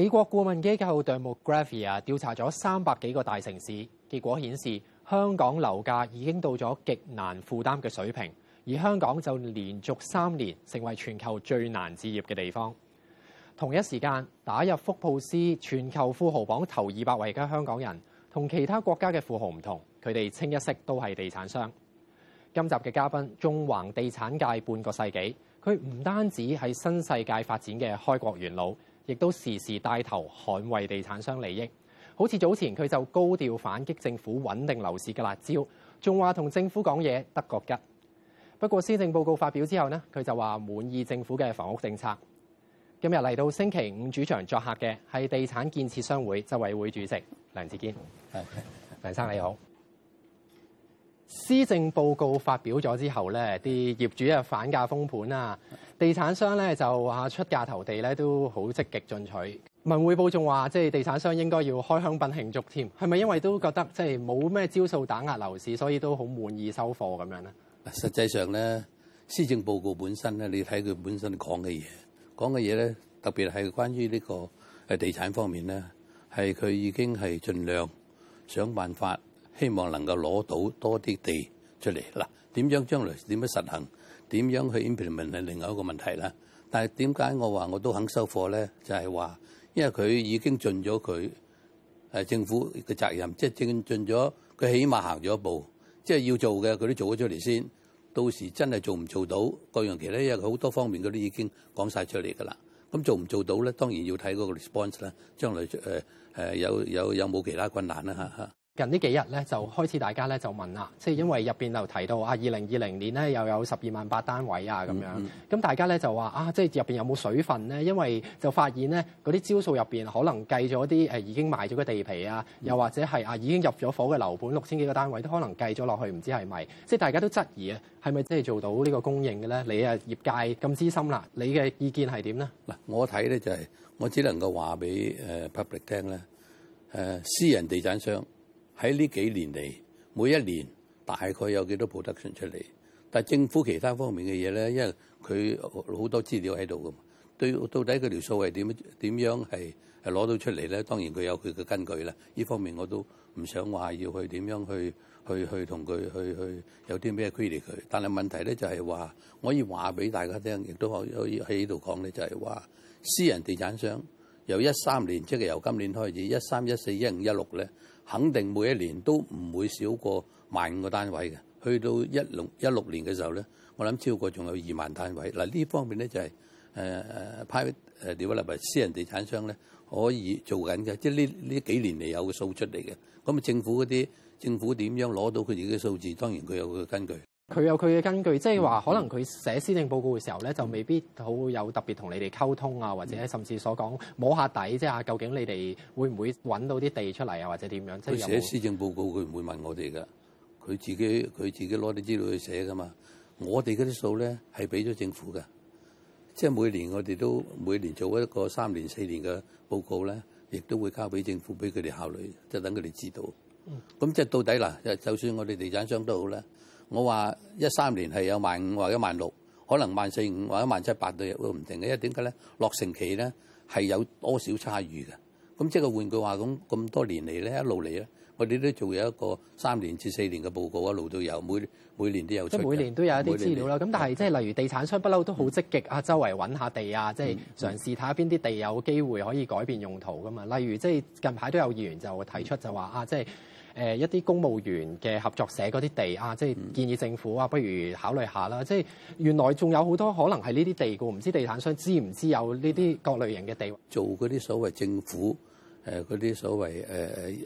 美國顧問機構 Demographia 調查咗三百幾個大城市，結果顯示香港樓價已經到咗極難負擔嘅水平，而香港就連續三年成為全球最難置業嘅地方。同一時間打入福布斯全球富豪榜頭二百位嘅香港人，同其他國家嘅富豪唔同，佢哋清一色都係地產商。今集嘅嘉賓，縱橫地產界半個世紀，佢唔單止係新世界發展嘅開國元老。亦都時時帶頭捍衛地產商利益，好似早前佢就高調反擊政府穩定樓市嘅辣招，仲話同政府講嘢得個桔。不過施政報告發表之後呢，佢就話滿意政府嘅房屋政策。今日嚟到星期五主場作客嘅係地產建設商會執委會主席梁志堅。係梁生，你好。施政報告發表咗之後，咧，啲業主啊反價封盤啊，地產商咧就啊出價投地咧都好積極進取。文匯報仲話，即係地產商應該要開香檳慶祝添，係咪因為都覺得即係冇咩招數打壓樓市，所以都好滿意收貨咁樣咧？實際上咧，施政報告本身咧，你睇佢本身講嘅嘢，講嘅嘢咧，特別係關於呢個係地產方面咧，係佢已經係盡量想辦法。希望能夠攞到多啲地出嚟嗱，點樣將來點樣實行，點樣去 implement 係另外一個問題啦。但係點解我話我都肯收貨咧？就係話，因為佢已經盡咗佢政府嘅責任，即係盡咗佢，起碼行咗一步，即係要做嘅佢都做咗出嚟先。到時真係做唔做到各樣期咧，因為好多方面佢都已經講晒出嚟㗎啦。咁做唔做到咧？當然要睇嗰個 response 啦。將來誒、呃、有有有冇其他困難啦、吓近呢幾日咧，就開始大家咧就問啦，即係因為入邊就提到啊，二零二零年咧又有十二萬八單位啊，咁樣咁大家咧就話啊，即係入邊有冇水分咧？因為就發現咧嗰啲招數入邊可能計咗啲誒已經賣咗嘅地皮啊，又或者係啊已經入咗伙嘅樓盤六千幾個單位都可能計咗落去，唔知係咪？即係大家都質疑啊，係咪真係做到呢個供應嘅咧？你啊業界咁資深啦，你嘅意見係點咧？嗱，我睇咧就係、是、我只能夠話俾誒 public 聽咧誒私人地產商。喺呢幾年嚟，每一年大概有幾多 production 出嚟？但係政府其他方面嘅嘢咧，因為佢好多資料喺度㗎嘛，對到底佢條數係點點樣係攞到出嚟咧？當然佢有佢嘅根據啦。呢方面我都唔想話要去點樣去去去同佢去去，去有啲咩 critic 佢。但係問題咧就係話，我可以話俾大家聽，亦都可以喺呢度講咧，就係話私人地產商由一三年即係、就是、由今年開始，一三、一四、一五、一六咧。肯定每一年都唔會少過萬個單位嘅，去到一六一六年嘅時候咧，我諗超過仲有二萬單位。嗱、啊、呢方面咧就係，誒誒派誒點樣嚟？呃、私人地產商咧可以做緊嘅，即係呢呢幾年嚟有嘅數出嚟嘅。咁啊，政府嗰啲政府點樣攞到佢自己嘅數字？當然佢有個根據。佢有佢嘅根據，即係話可能佢寫施政報告嘅時候咧，就未必好有特別同你哋溝通啊，或者甚至所講摸下底，即係啊，究竟你哋會唔會揾到啲地出嚟啊，或者點樣？佢寫施政報告，佢唔會問我哋㗎，佢自己佢自己攞啲資料去寫㗎嘛。我哋嗰啲數咧係俾咗政府嘅，即係每年我哋都每年做一個三年四年嘅報告咧，亦都會交俾政府俾佢哋考慮，就等佢哋知道。咁、嗯、即係到底嗱，就算我哋地產商都好啦。我話一三年係有萬五或者萬六，可能萬四五或者萬七八都有都唔定嘅，因為點解咧？落成期咧係有多少差異嘅？咁即係換句話，咁咁多年嚟咧一路嚟咧，我哋都做有一個三年至四年嘅報告，一路都有，每每年都有出嘅。每年都有，即每年都有一啲資料啦。咁但係即係例如地產商不嬲都好積極啊、嗯，周圍揾下地啊，即係嘗試睇下邊啲地有機會可以改變用途噶嘛。例如即係近排都有議員就提出就話啊，即係。誒一啲公務員嘅合作社嗰啲地啊，即係建議政府啊，不如考慮下啦。即係原來仲有好多可能係呢啲地㗎，唔知地產商知唔知有呢啲各類型嘅地？做嗰啲所謂政府誒嗰啲所謂誒誒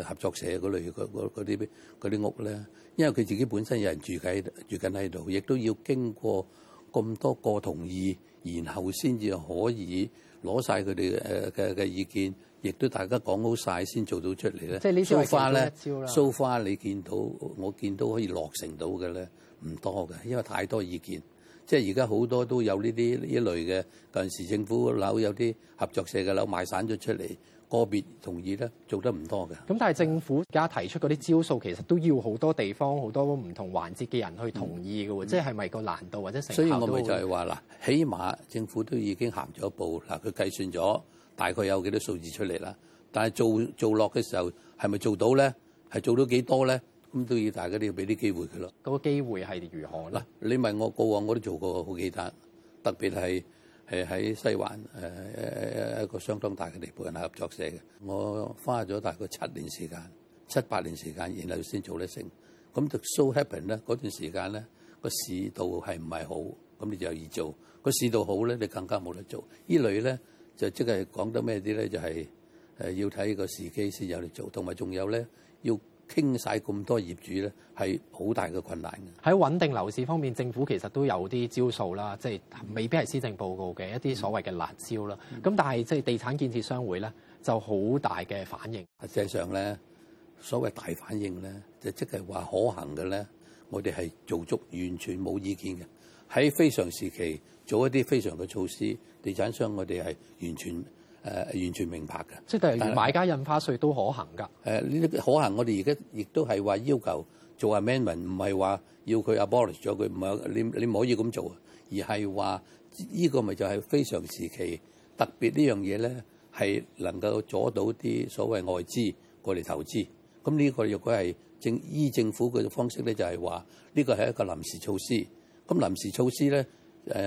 誒合作社嗰類嗰啲啲屋咧，因為佢自己本身有人住喺住緊喺度，亦都要經過咁多個同意，然後先至可以攞晒佢哋誒嘅嘅意見。亦都大家講好晒先做到出嚟咧，即係呢招花咧，呢招花你見到我見到可以落成到嘅咧，唔多嘅，因為太多意見。即係而家好多都有呢啲呢類嘅，嗰陣時政府樓有啲合作社嘅樓賣散咗出嚟，個別同意咧做得唔多嘅。咁但係政府而家提出嗰啲招數，其實都要好多地方好多唔同環節嘅人去同意嘅喎、嗯，即係係咪個難度或者成效都？所以我咪就係話嗱，起碼政府都已經行咗一步，嗱佢計算咗。大概有幾多個數字出嚟啦？但係做做落嘅時候係咪做到咧？係做到幾多咧？咁都要大家都要俾啲機會佢咯。嗰、那個機會係如何咧、啊？你問我過往我都做過好幾單，特別係係喺西環誒、呃、一個相當大嘅地盤人合作社嘅，我花咗大概七年時間、七八年時間，然後先做得成。咁就 so happen 咧，嗰段時間咧、個市道係唔係好咁你就易做；個市道好咧，你更加冇得做。類呢類咧。就即係講得咩啲咧？就係、是、誒要睇個時機先有嚟做，同埋仲有咧，要傾晒咁多業主咧，係好大嘅困難嘅。喺穩定樓市方面，政府其實都有啲招數啦，即、就、係、是、未必係施政報告嘅、嗯、一啲所謂嘅辣招啦。咁、嗯、但係即係地產建設商會咧，就好大嘅反應，實、啊、際上咧，所謂大反應咧，就即係話可行嘅咧，我哋係做足完全冇意見嘅。喺非常時期做一啲非常嘅措施，地產商我哋係完全誒、呃、完全明白嘅，即係例如買家印花稅都可行㗎。誒呢啲可行我，我哋而家亦都係話要求做阿 man 唔係話要佢 abolish 咗佢，唔係你你唔可以咁做，而係話呢個咪就係非常時期特別呢樣嘢咧，係能夠阻到啲所謂外資過嚟投資。咁呢個如果係政依政府嘅方式咧，就係話呢個係一個臨時措施。咁臨時措施咧，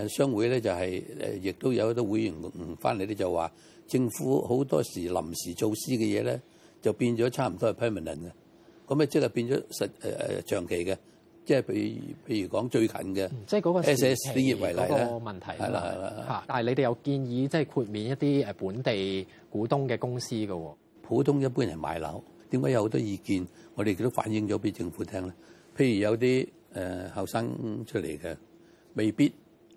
誒商會咧就係、是、誒，亦都有好多會員翻嚟咧，就話政府好多時臨時措施嘅嘢咧，就變咗差唔多係 permanent 嘅，咁咪即係變咗實誒誒、呃、長期嘅，即係譬如譬如講最近嘅、嗯，即係嗰個 S S P 業為例啦，係啦係啦，嚇！但係你哋又建議即係豁免一啲誒本地股東嘅公司嘅喎、哦，普通一般人買樓點解有好多意見？我哋都反映咗俾政府聽咧，譬如有啲。誒，後生出嚟嘅未必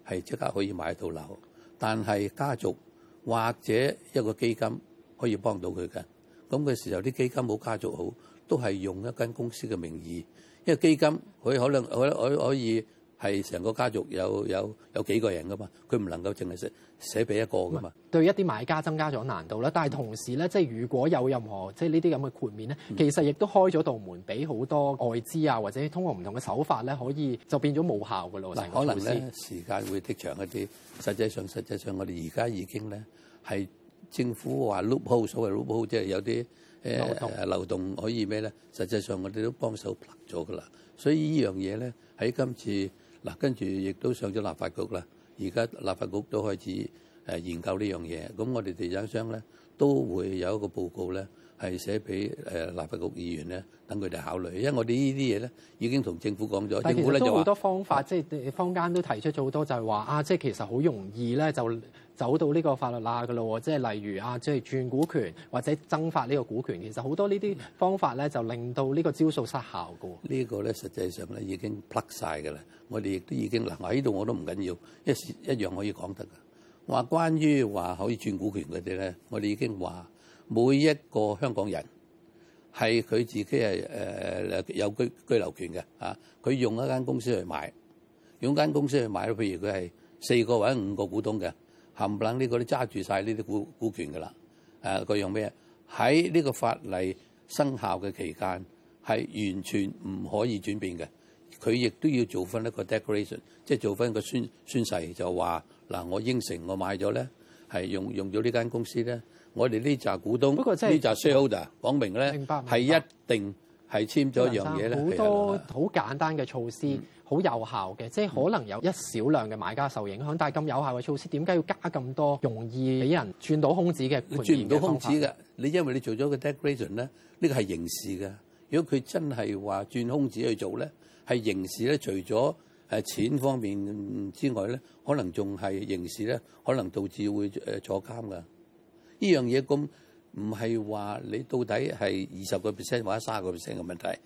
係即刻可以買到樓，但係家族或者一個基金可以幫到佢嘅。咁嘅時候，啲基金冇家族好，都係用一間公司嘅名義，因為基金佢可能可可可以。係成個家族有有有幾個人噶嘛？佢唔能夠淨係寫寫俾一個噶嘛？對一啲買家增加咗難度啦，但係同時咧，即係如果有任何即係呢啲咁嘅豁免咧、嗯，其實亦都開咗道門俾好多外資啊，或者通過唔同嘅手法咧，可以就變咗冇效噶咯。嗱，可能咧，時間會啲長一啲。實際上，實際上，我哋而家已經咧係政府話 loop hole，所謂 loop hole 即係有啲誒、呃、漏，漏洞可以咩咧？實際上，我哋都幫手 plug 咗噶啦。所以這呢樣嘢咧喺今次。嗱，跟住亦都上咗立法局啦，而家立法局都開始。誒研究呢樣嘢，咁我哋地產商咧都會有一個報告咧，係寫俾誒、呃、立法局議員咧，等佢哋考慮。因為我哋呢啲嘢咧已經同政府講咗，政府咧就好多方法，即、嗯、係、就是、坊間都提出咗好多就是說，就係話啊，即係其實好容易咧就走到呢個法律啦嘅咯。即係例如啊，即、就、係、是、轉股權或者增發呢個股權，其實好多呢啲方法咧、嗯、就令到呢個招數失效嘅。這個、呢個咧實際上咧已經甩曬嘅啦。我哋亦都已經嗱，喺度我都唔緊要，一一,一樣可以講得。話關於話可以轉股權嗰啲咧，我哋已經話每一個香港人係佢自己係誒誒有居居留權嘅啊！佢用一間公司去買，用間公司去買，譬如佢係四個或者五個股東嘅，冚唪冷呢個都揸住晒呢啲股股權㗎喇。誒，佢用咩？喺呢個法例生效嘅期間係完全唔可以轉變嘅。佢亦都要做返一個 declaration 即係做返一個宣宣誓，就話。嗱，我應承我買咗咧，係用用咗呢間公司咧，我哋呢扎股東，呢紮、不過即係、shareholder 講明咧，係一定係簽咗一樣嘢咧。好多好簡單嘅措施，好、嗯、有效嘅，即係可能有一少量嘅買家受影響，嗯、但係咁有效嘅措施，點解要加咁多容易俾人轉到空子嘅？你轉唔到空子㗎，你因為你做咗個 declaration 咧，呢個係刑事㗎。如果佢真係話轉空子去做咧，係刑事咧，除咗，誒錢方面之外咧，可能仲係刑事咧，可能導致會誒坐監㗎。呢樣嘢咁唔係話你到底係二十個 percent 或者三十個 percent 嘅問題，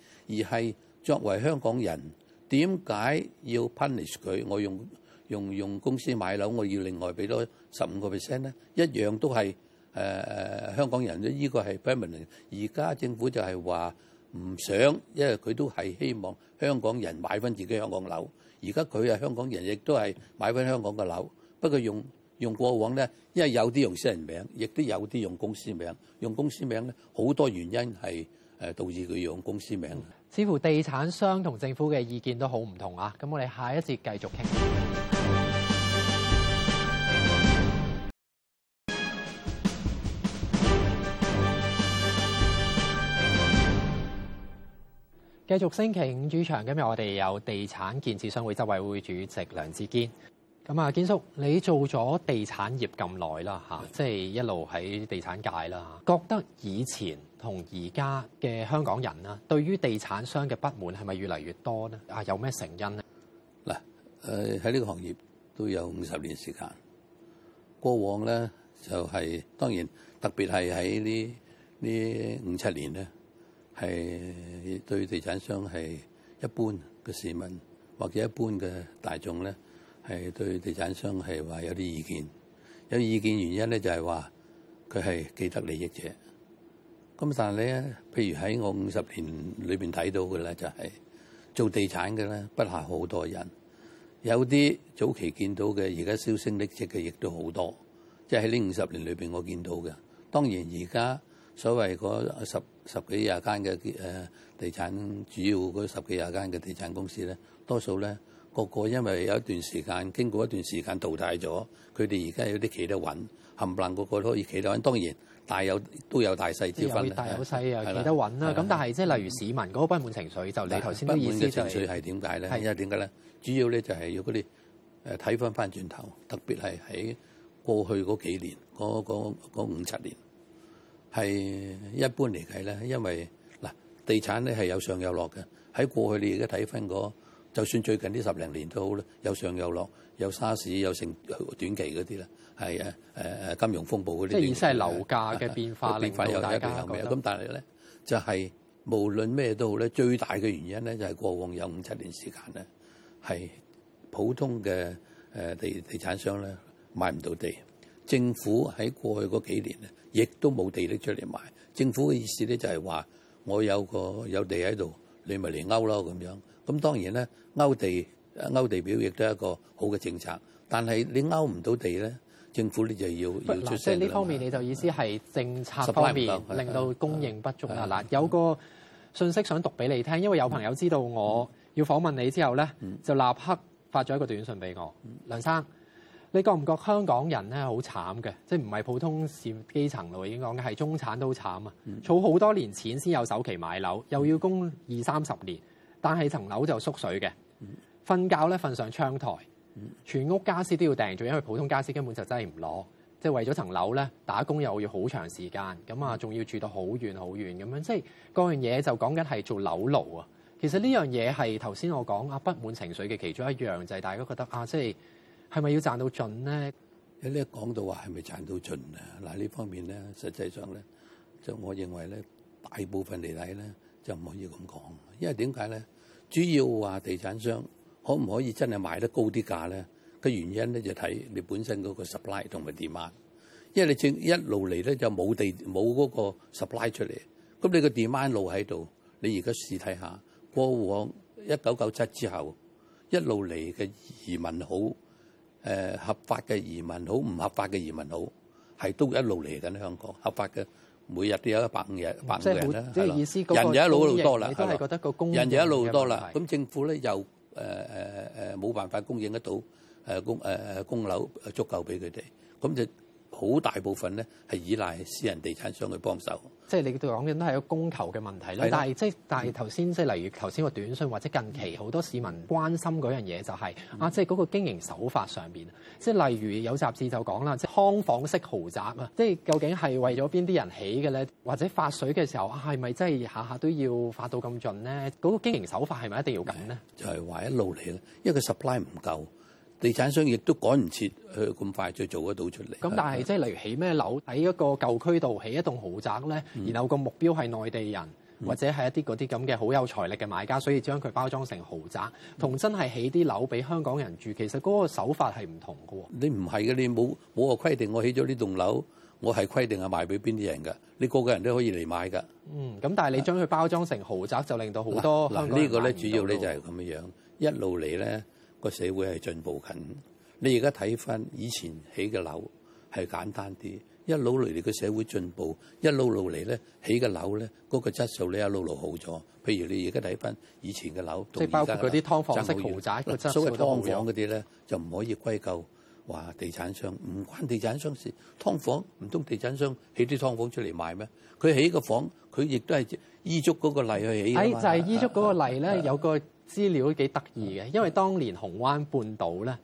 而係作為香港人點解要 punish 佢？我用用用公司買樓，我要另外俾多十五個 percent 咧，一樣都係誒誒香港人咧，呢個係 permanent。而家政府就係話唔想，因為佢都係希望香港人買翻自己香港樓。而家佢係香港人，亦都係買翻香港嘅樓，不過用用過往咧，因為有啲用私人名，亦都有啲用公司名。用公司名咧，好多原因係誒導致佢用公司名。似乎地產商同政府嘅意見都好唔同啊！咁我哋下一節繼續傾。繼續星期五主場，今日我哋有地產建設商會執委會主席梁志堅。咁啊，堅叔，你做咗地產業咁耐啦嚇，即係一路喺地產界啦，覺得以前同而家嘅香港人啦，對於地產商嘅不滿係咪越嚟越多咧？啊，有咩成因咧？嗱，誒喺呢個行業都有五十年時間，過往咧就係、是、當然特別係喺呢呢五七年咧。係對地產商係一般嘅市民或者一般嘅大眾咧，係對地產商係話有啲意見。有意見原因咧就係話佢係既得利益者。咁但係咧，譬如喺我五十年裏邊睇到嘅咧，就是，就係做地產嘅咧，不下好多人。有啲早期見到嘅，而家銷聲匿跡嘅亦都好多。即係喺呢五十年裏邊我見到嘅。當然而家。所謂嗰十十幾廿間嘅誒地產，主要嗰十幾廿間嘅地產公司咧，多數咧，個個因為有一段時間，經過一段時間淘汰咗，佢哋而家有啲企得穩，冚唪唥個個都可以企得穩。當然大有都有大細之分啦。大有細企得穩啦。咁但係即係例如市民嗰個不滿情緒，就你頭先、就是、不滿嘅情緒係點解咧？係因為點解咧？主要咧就係要嗰啲誒睇翻翻轉頭，特別係喺過去嗰幾年嗰五七年。係一般嚟計咧，因為嗱，地產咧係有上有落嘅。喺過去你而家睇翻嗰，就算最近呢十零年都好咧，有上有落，有沙士，有成短期嗰啲咧，係啊，誒誒金融風暴嗰啲。即係意識係樓價嘅變化令到大家咁，但係咧就係無論咩都好咧，最大嘅原因咧就係過往有五七年時間咧係普通嘅誒地地產商咧買唔到地。政府喺過去嗰幾年咧，亦都冇地力出嚟賣。政府嘅意思咧就係話，我有個有地喺度，你咪嚟勾咯咁樣。咁當然咧，勾地勾地表亦都係一個好嘅政策。但係你勾唔到地咧，政府咧就要要出聲。即係呢方面你就意思係政策方面令到供應不足啦。嗱、嗯嗯嗯，有個信息想讀俾你聽，因為有朋友知道我要訪問你之後咧，就立刻發咗一個短信俾我，梁生。你覺唔覺香港人咧好慘嘅？即係唔係普通市基層路已經講嘅係中產都好慘啊！儲好多年錢先有首期買樓，又要供二三十年，但係層樓就縮水嘅。瞓覺咧瞓上窗台，全屋家私都要訂做，因為普通家私根本就真係唔攞。即係為咗層樓咧打工又要好長時間，咁啊仲要住到好遠好遠咁樣，即係嗰樣嘢就講緊係做樓奴啊！其實呢樣嘢係頭先我講啊不滿情緒嘅其中一樣，就係大家覺得啊，即係。係咪要賺到盡咧？你咧講到話係咪賺到盡啊？嗱，呢方面咧，實際上咧，就我認為咧，大部分嚟睇咧就唔可以咁講，因為點解咧？主要話地產商可唔可以真係賣得高啲價咧？嘅原因咧就睇你本身嗰個 supply 同埋 demand。因為你正一路嚟咧就冇地冇嗰個 supply 出嚟，咁你個 demand 路喺度。你而家試睇下過往一九九七之後一路嚟嘅移民好。誒合法嘅移民好，唔合法嘅移民好，係都一路嚟緊香港。合法嘅每日都有一百五人、百五人啦，係咯。人就一路多啦，係啦。人就一路多啦，咁政府咧又誒誒誒冇辦法供應得到誒供誒供樓足夠俾佢哋，咁就。好大部分咧係依賴私人地產商去幫手，即係你對講緊都係一個供求嘅問題啦。但係即係但係頭先即係例如頭先個短信或者近期好多市民關心嗰樣嘢就係，嗯，啊，即係嗰個經營手法上邊，即係例如有雜誌就講啦，即係劏房式豪宅啊，即係究竟係為咗邊啲人起嘅咧？或者發水嘅時候啊，係咪真係下下都要發到咁盡咧？嗰個經營手法係咪一定要咁咧？就係、是、話一路嚟啦，因為佢 supply 唔夠。地產商亦都趕唔切去咁快再做得到出嚟。咁但係即係例如起咩樓，喺一個舊區度起一棟豪宅咧、嗯，然後個目標係內地人或者係一啲嗰啲咁嘅好有財力嘅買家、嗯，所以將佢包裝成豪宅，同、嗯、真係起啲樓俾香港人住，其實嗰個手法係唔同嘅喎。你唔係嘅，你冇冇個規定，我起咗呢棟樓，我係規定係賣俾邊啲人㗎？你個個人都可以嚟買㗎。嗯。咁但係你將佢包裝成豪宅，就令到好多香港人買唔到。嗱、啊啊啊這個、呢個咧，主要咧就係咁嘅樣，嗯、一路嚟咧。個社會係進步緊，你而家睇翻以前起嘅樓係簡單啲，一路嚟嚟個社會進步，一路路嚟咧起嘅樓咧嗰個質素咧一路路好咗。譬如你而家睇翻以前嘅樓，即係包括嗰啲劏房式豪宅，嗰質素。所、啊、劏房嗰啲咧就唔可以歸咎話地產商，唔關地產商事。劏房唔通地產商起啲劏房出嚟賣咩？佢起個房，佢亦都係依足嗰個例去起、哎。就係、是、依足嗰個例咧、啊啊啊，有個。資料幾得意嘅，因為當年紅灣半島咧，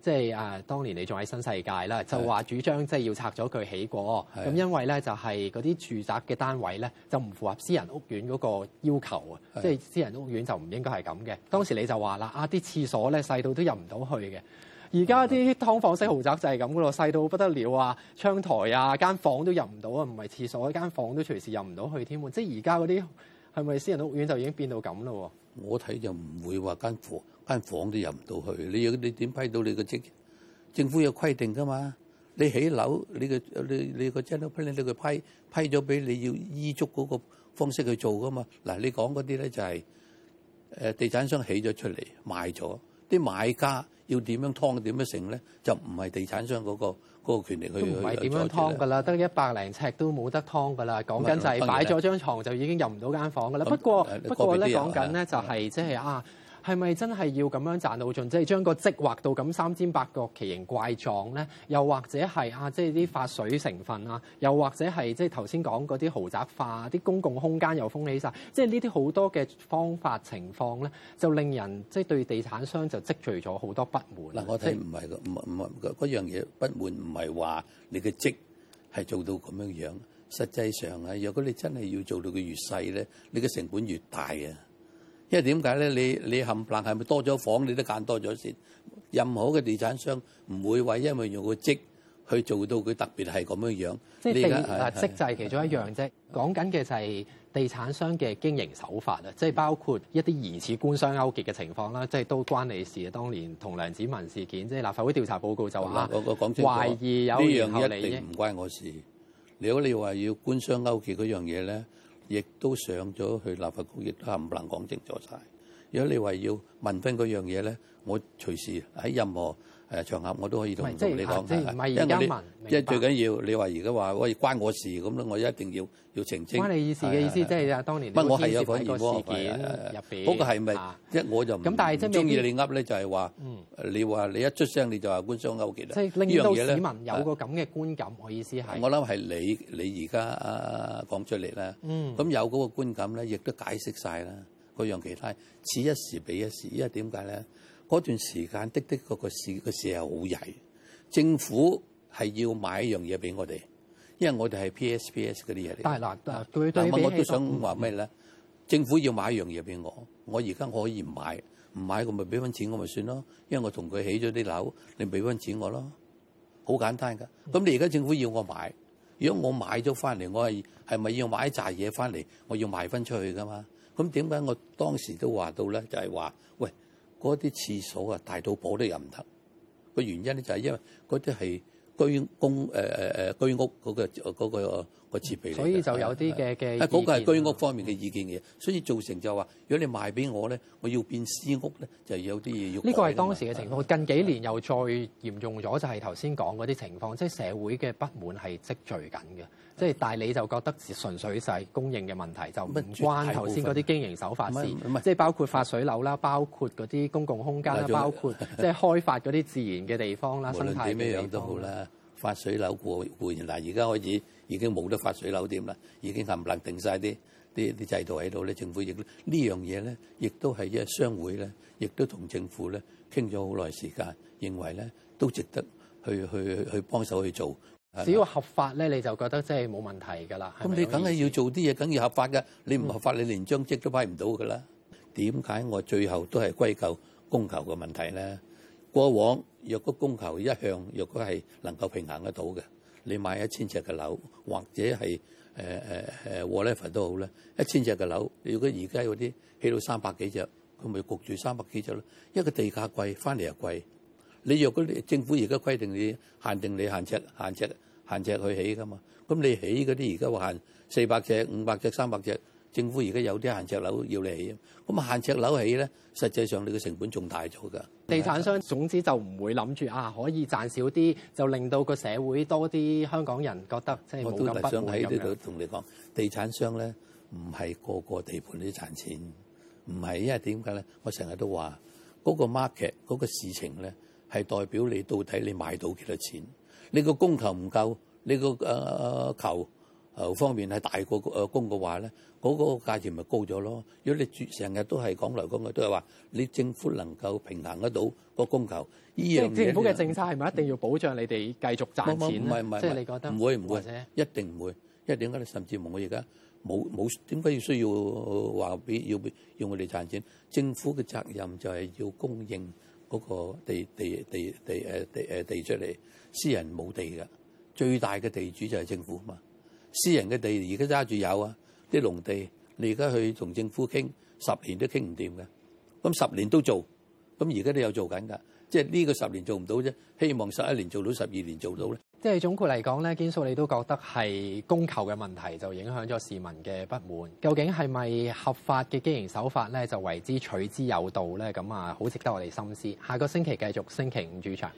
即係啊，當年你仲喺新世界啦，就話主張即係要拆咗佢起過咁，因為咧就係嗰啲住宅嘅單位咧就唔符合私人屋苑嗰個要求啊，即係私人屋苑就唔應該係咁嘅。當時你就話啦啊，啲廁所咧細到都入唔到去嘅。而家啲劏房式豪宅就係咁噶咯，細到不得了啊，窗台啊間房都入唔到啊，唔係廁所間房都隨時入唔到去添喎。即係而家嗰啲係咪私人屋苑就已經變到咁咯？我睇就唔會話間房間房都入唔到去，你要你點批到你個職？政府有規定噶嘛，你起樓，你個你的你個 gentleman 你個批批咗俾你要依足嗰個方式去做噶嘛。嗱、就是，你講嗰啲咧就係誒地產商起咗出嚟賣咗。啲買家要點樣劏，點樣成咧，就唔係地產商嗰個嗰個權力去去唔係點樣劏㗎啦，得一百零尺都冇得劏㗎啦。講緊就係擺咗張床，就已經入唔到間房㗎啦。不過不過咧講緊咧就係即係啊。係咪真係要咁樣賺到盡？即係將個積劃到咁三尖八角奇形怪狀咧？又或者係啊，即係啲發水成分啊？又或者係即係頭先講嗰啲豪宅化，啲公共空間又封起晒。即係呢啲好多嘅方法情況咧，就令人即係、就是、對地產商就積聚咗好多不滿。嗱，我睇唔係唔唔唔，嗰樣嘢不滿唔係話你嘅積係做到咁樣樣。實際上啊，如果你真係要做到佢越細咧，你嘅成本越大啊！因為點解咧？你你冚唪唥係咪多咗房，你都揀多咗先。任何嘅地產商唔會話，因為用個積去做到佢特別係咁樣樣。即係地啊，積就係其中一樣啫。講緊嘅就係地產商嘅經營手法啊，即係包括一啲疑似官商勾結嘅情況啦，即係、就係、都關你事。當年同梁展文事件，即、就、係、是、立法會調查報告就話懷疑有，然後你呢樣一定唔關我事。如果你話要官商勾結嗰樣嘢咧？亦都上咗去立法局，亦都係唔能講清楚晒。如果你話要問翻嗰樣嘢咧，我隨時喺任何。誒場合我都可以同同、就是、你講、就是，因為我哋，因為最緊要你話而家話喂關我事，咁我一定要要澄清。關你意思嘅意思即係啊，當年個我有個有件事件入邊、那個。不過係咪一我就唔咁中意你噏咧、嗯？就係話你話你一出聲你就話官商勾結啦。呢樣嘢咧，令到市民有個咁嘅觀感是是。我意思係。我諗係你你而家講出嚟啦，咁、嗯、有嗰個觀感咧，亦都解釋晒啦。嗰樣其他，此一時比一時，因為點解咧？嗰段時間的確個事個事的個個市個市係好曳，政府係要買一樣嘢俾我哋，因為我哋係 PSPS 嗰啲嘢嚟。係啦，佢對，對，對。我都想話咩咧？政府要買一樣嘢俾我，我而家可以唔買，唔買我咪俾翻錢我咪算咯。因為我同佢起咗啲樓，你俾翻錢我咯，好簡單噶。咁你而家政府要我買，如果我買咗翻嚟，我係係咪要買一紮嘢翻嚟？我要賣翻出去噶嘛？咁點解我當時都話到咧？就係、是、話，喂。嗰啲廁所啊，大肚婆都入唔得。個原因咧，就係因為嗰啲係居公誒誒誒，居屋嗰個嗰個。那個個設備，所以就有啲嘅嘅。誒，嗰、那個係居屋方面嘅意見嘅，所以造成就話、是，如果你賣俾我咧，我要變私屋咧，就有啲嘢要。呢個係當時嘅情況，近幾年又再嚴重咗，就係頭先講嗰啲情況，即係社會嘅不滿係積聚緊嘅。即係但係你就覺得純粹係供應嘅問題就唔關頭先嗰啲經營手法事。啊、即係包括發水樓啦，包括嗰啲公共空間啦、就是，包括即係、就是、開發嗰啲自然嘅地方啦， 生態嘅地方。無論點咩樣都好啦。發水樓固然，嗱而家開始已經冇得發水樓店啦，已經冚唪唥定晒啲啲啲制度喺度咧。政府亦呢樣嘢咧，亦都係一商會咧，亦都同政府咧傾咗好耐時間，認為咧都值得去去去幫手去做。只要合法咧，你就覺得即係冇問題㗎啦。咁你梗係要做啲嘢，梗要合法㗎。你唔合法，你連張職都派唔到㗎啦。點、嗯、解我最後都係歸咎供求嘅問題咧？過往若果供求一向若果係能夠平衡得到嘅，你買一千呎嘅樓或者係誒誒誒 whatever 都好啦，一千呎嘅樓，如果而家嗰啲起到三百幾呎，佢咪焗住三百幾呎咯？因為地價貴，翻嚟又貴。你若果政府而家規定你限定你限呎限呎限呎去起㗎嘛，咁你起嗰啲而家話限四百呎五百呎三百呎。政府而家有啲限尺樓要你起，咁啊限尺樓起咧，實際上你嘅成本仲大咗㗎。地產商總之就唔會諗住啊，可以賺少啲，就令到個社會多啲香港人覺得即係冇咁不滿咁樣。我都想喺呢度同你講，地產商咧唔係個個地盤啲賺錢，唔係因為點解咧？我成日都話嗰、嗰個 market 嗰個事情咧，係代表你到底你買到幾多錢？你個供求唔夠，你個誒、呃、求。誒、呃、方面係大過誒供嘅話咧，嗰、嗰個價錢咪高咗咯。如果你成日都係講嚟講去，港港都係話你政府能夠平衡得到嗰個供求呢樣嘢，即係政府嘅政策係咪一定要保障你哋繼續賺錢咧？即係、就是、你覺得唔會唔會或者一定唔會，因為點解你甚至乎我而家冇冇點解要需要話俾、呃、要要要我哋賺錢？政府嘅責任就係要供應嗰個地地地地誒、呃、地誒、呃、地出嚟，私人冇地嘅最大嘅地主就係政府啊嘛。私人嘅地而家揸住有啊，啲農地你而家去同政府傾十年都傾唔掂嘅，咁十年都做，咁而家都有做緊噶，即係呢個十年做唔到啫，希望十一年做到，十二年做到咧。即係總括嚟講咧，堅叔你都覺得係供求嘅問題，就影響咗市民嘅不滿，究竟係咪合法嘅經營手法咧就為之取之有道咧？咁啊，好值得我哋深思。下個星期繼續星期五主場。